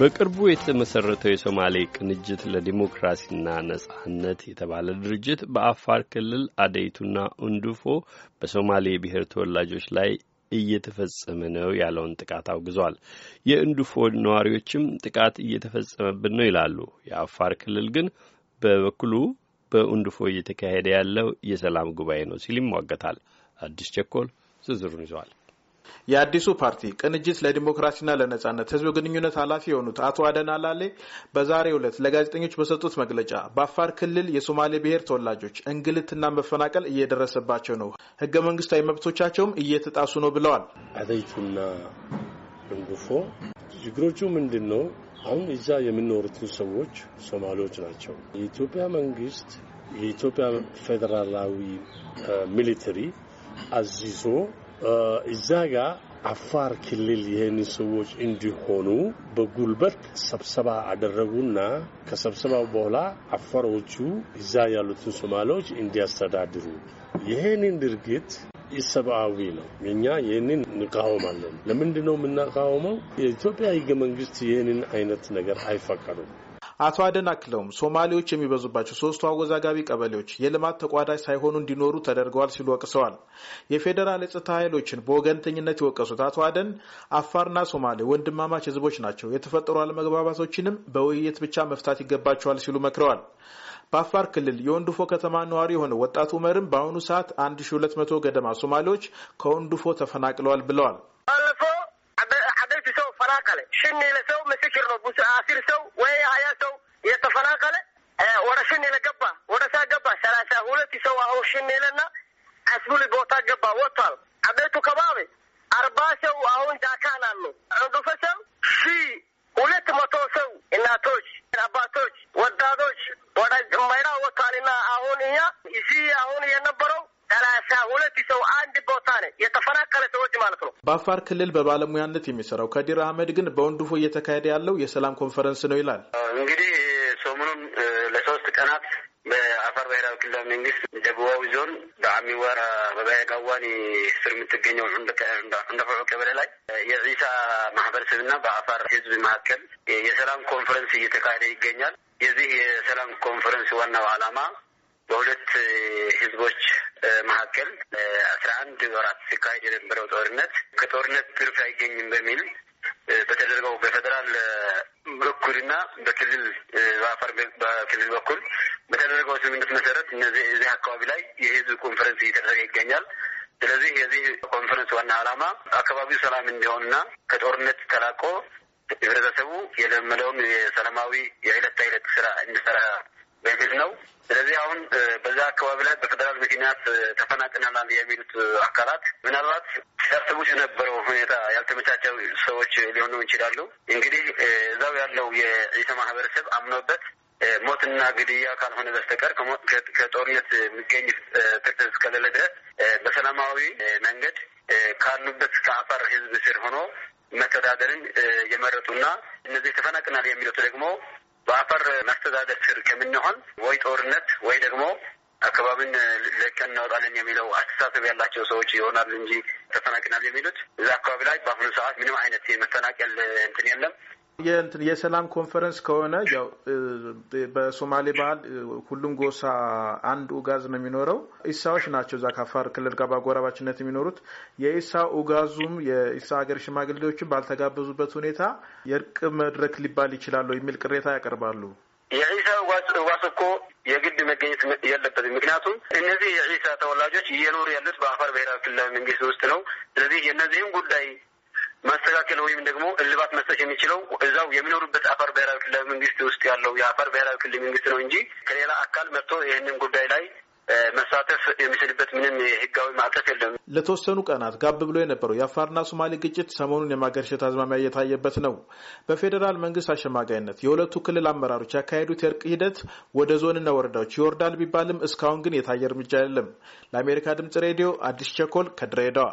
በቅርቡ የተመሰረተው የሶማሌ ቅንጅት ለዲሞክራሲና ነጻነት የተባለ ድርጅት በአፋር ክልል አደይቱና ኡንዱፎ በሶማሌ ብሔር ተወላጆች ላይ እየተፈጸመ ነው ያለውን ጥቃት አውግዟል። የእንዱፎ ነዋሪዎችም ጥቃት እየተፈጸመብን ነው ይላሉ። የአፋር ክልል ግን በበኩሉ በኡንዱፎ እየተካሄደ ያለው የሰላም ጉባኤ ነው ሲል ይሟገታል። አዲስ ቸኮል ዝርዝሩን ይዟል። የአዲሱ ፓርቲ ቅንጅት ለዲሞክራሲና ለነጻነት ህዝብ ግንኙነት ኃላፊ የሆኑት አቶ አደን አላሌ በዛሬው ዕለት ለጋዜጠኞች በሰጡት መግለጫ በአፋር ክልል የሶማሌ ብሔር ተወላጆች እንግልትና መፈናቀል እየደረሰባቸው ነው፣ ህገ መንግስታዊ መብቶቻቸውም እየተጣሱ ነው ብለዋል። አደይቱና እንጉፎ ችግሮቹ ምንድን ነው? አሁን እዛ የምኖሩትን ሰዎች ሶማሌዎች ናቸው። የኢትዮጵያ መንግስት የኢትዮጵያ ፌዴራላዊ ሚሊተሪ አዚዞ እዛ አፋር ክልል ይህን ሰዎች እንዲሆኑ በጉልበት ሰብሰባ አደረጉና ከሰብሰባው በኋላ አፋሮቹ እዛ ያሉትን ሶማሌዎች እንዲያስተዳድሩ ይህንን ድርጊት ኢሰብአዊ ነው። እኛ ይህንን እንቃወማለን። ለምንድን ነው የምናቃወመው? የኢትዮጵያ ህገ መንግስት ይህንን አይነት ነገር አይፈቀዱም። አቶ አደን አክለውም ሶማሌዎች የሚበዙባቸው ሶስቱ አወዛጋቢ ቀበሌዎች የልማት ተቋዳጅ ሳይሆኑ እንዲኖሩ ተደርገዋል ሲሉ ወቅሰዋል። የፌዴራል የጸጥታ ኃይሎችን በወገንተኝነት የወቀሱት አቶ አደን አፋርና ሶማሌ ወንድማማች ህዝቦች ናቸው፣ የተፈጠሩ አለመግባባቶችንም በውይይት ብቻ መፍታት ይገባቸዋል ሲሉ መክረዋል። በአፋር ክልል የወንድፎ ከተማ ነዋሪ የሆነው ወጣት መርም በአሁኑ ሰዓት 1200 ገደማ ሶማሌዎች ከወንድፎ ተፈናቅለዋል ብለዋል። የተፈናቀለ ሽን ለሰው ምስክር ነው። አስር ሰው ወይ ሀያ ሰው የተፈናቀለ ወደ ሽን ለገባ ወደ ሳ ገባ ሰላሳ ሁለት ሰው አሁን ሽን ለና አስቡል ቦታ ገባ ወጥቷል። አቤቱ ከባቢ አርባ ሰው አሁን ዳካን አሉ እንዱፈሰም ሺ ሁለት በአፋር ክልል በባለሙያነት የሚሰራው ከዲር አህመድ ግን በወንድፎ እየተካሄደ ያለው የሰላም ኮንፈረንስ ነው ይላል። እንግዲህ ሰሞኑን ለሶስት ቀናት በአፋር ብሔራዊ ክልላዊ መንግስት ደቡባዊ ዞን በአሚ ወራ ጋዋኒ ስር የምትገኘው እንደፈዑ ቀበሌ ላይ የዒሳ ማህበረሰብና በአፋር ህዝብ መካከል የሰላም ኮንፈረንስ እየተካሄደ ይገኛል። የዚህ የሰላም ኮንፈረንስ ዋናው ዓላማ በሁለት ህዝቦች መካከል አንድ ወራት ሲካሄድ የነበረው ጦርነት ከጦርነት ትርፍ አይገኝም በሚል በተደረገው በፌደራል በኩልና በክልል በአፋር በክልል በኩል በተደረገው ስምምነት መሰረት እነዚህ እዚህ አካባቢ ላይ የህዝብ ኮንፈረንስ እየተደረገ ይገኛል። ስለዚህ የዚህ ኮንፈረንስ ዋና ዓላማ አካባቢው ሰላም እንዲሆንና ከጦርነት ተላቆ ህብረተሰቡ የለመደውን የሰላማዊ የዕለት ተዕለት ስራ እንዲሰራ በሚል ነው። ስለዚህ አሁን በዛ አካባቢ ላይ በፌደራል ምክንያት ተፈናቅናላል የሚሉት አካላት ምናልባት ሲያስቡት የነበረው ሁኔታ ያልተመቻቸው ሰዎች ሊሆኑ ይችላሉ። እንግዲህ እዛው ያለው የኢሰ ማህበረሰብ አምኖበት ሞትና ግድያ ካልሆነ በስተቀር ከጦርነት የሚገኝ ትርፍ እስከሌለ ድረስ በሰላማዊ መንገድ ካሉበት ከአፋር ህዝብ ስር ሆኖ መተዳደርን የመረጡና እነዚህ ተፈናቅናል የሚሉት ደግሞ በአፈር መስተዳደር ስር ከምንሆን ወይ ጦርነት ወይ ደግሞ አካባቢን ለቀን እናወጣለን የሚለው አስተሳሰብ ያላቸው ሰዎች ይሆናሉ እንጂ ተፈናቅናል የሚሉት እዛ አካባቢ ላይ በአሁኑ ሰዓት ምንም አይነት የመፈናቀል እንትን የለም። የሰላም ኮንፈረንስ ከሆነ ያው በሶማሌ ባህል ሁሉም ጎሳ አንድ ኡጋዝ ነው የሚኖረው። ኢሳዎች ናቸው እዛ ከአፋር ክልል ጋር በአጎራባችነት የሚኖሩት። የኢሳ ኡጋዙም የኢሳ ሀገር ሽማግሌዎችም ባልተጋበዙበት ሁኔታ የእርቅ መድረክ ሊባል ይችላሉ የሚል ቅሬታ ያቀርባሉ። የኢሳ ኡጋዝ እኮ የግድ መገኘት የለበትም። ምክንያቱም እነዚህ የኢሳ ተወላጆች እየኖሩ ያሉት በአፋር ብሔራዊ ክልላዊ መንግስት ውስጥ ነው። ስለዚህ የእነዚህም ጉዳይ ማስተካከል ወይም ደግሞ እልባት መስጠት የሚችለው እዛው የሚኖሩበት አፋር ብሔራዊ ክልላዊ መንግስት ውስጥ ያለው የአፋር ብሔራዊ ክልል መንግስት ነው እንጂ ከሌላ አካል መጥቶ ይህንን ጉዳይ ላይ መሳተፍ የሚችልበት ምንም ህጋዊ ማዕቀፍ የለም። ለተወሰኑ ቀናት ጋብ ብሎ የነበረው የአፋርና ሶማሌ ግጭት ሰሞኑን የማገርሸት አዝማሚያ እየታየበት ነው። በፌዴራል መንግስት አሸማጋይነት የሁለቱ ክልል አመራሮች ያካሄዱት የእርቅ ሂደት ወደ ዞንና ወረዳዎች ይወርዳል ቢባልም እስካሁን ግን የታየ እርምጃ የለም። ለአሜሪካ ድምጽ ሬዲዮ አዲስ ቸኮል ከድሬዳዋ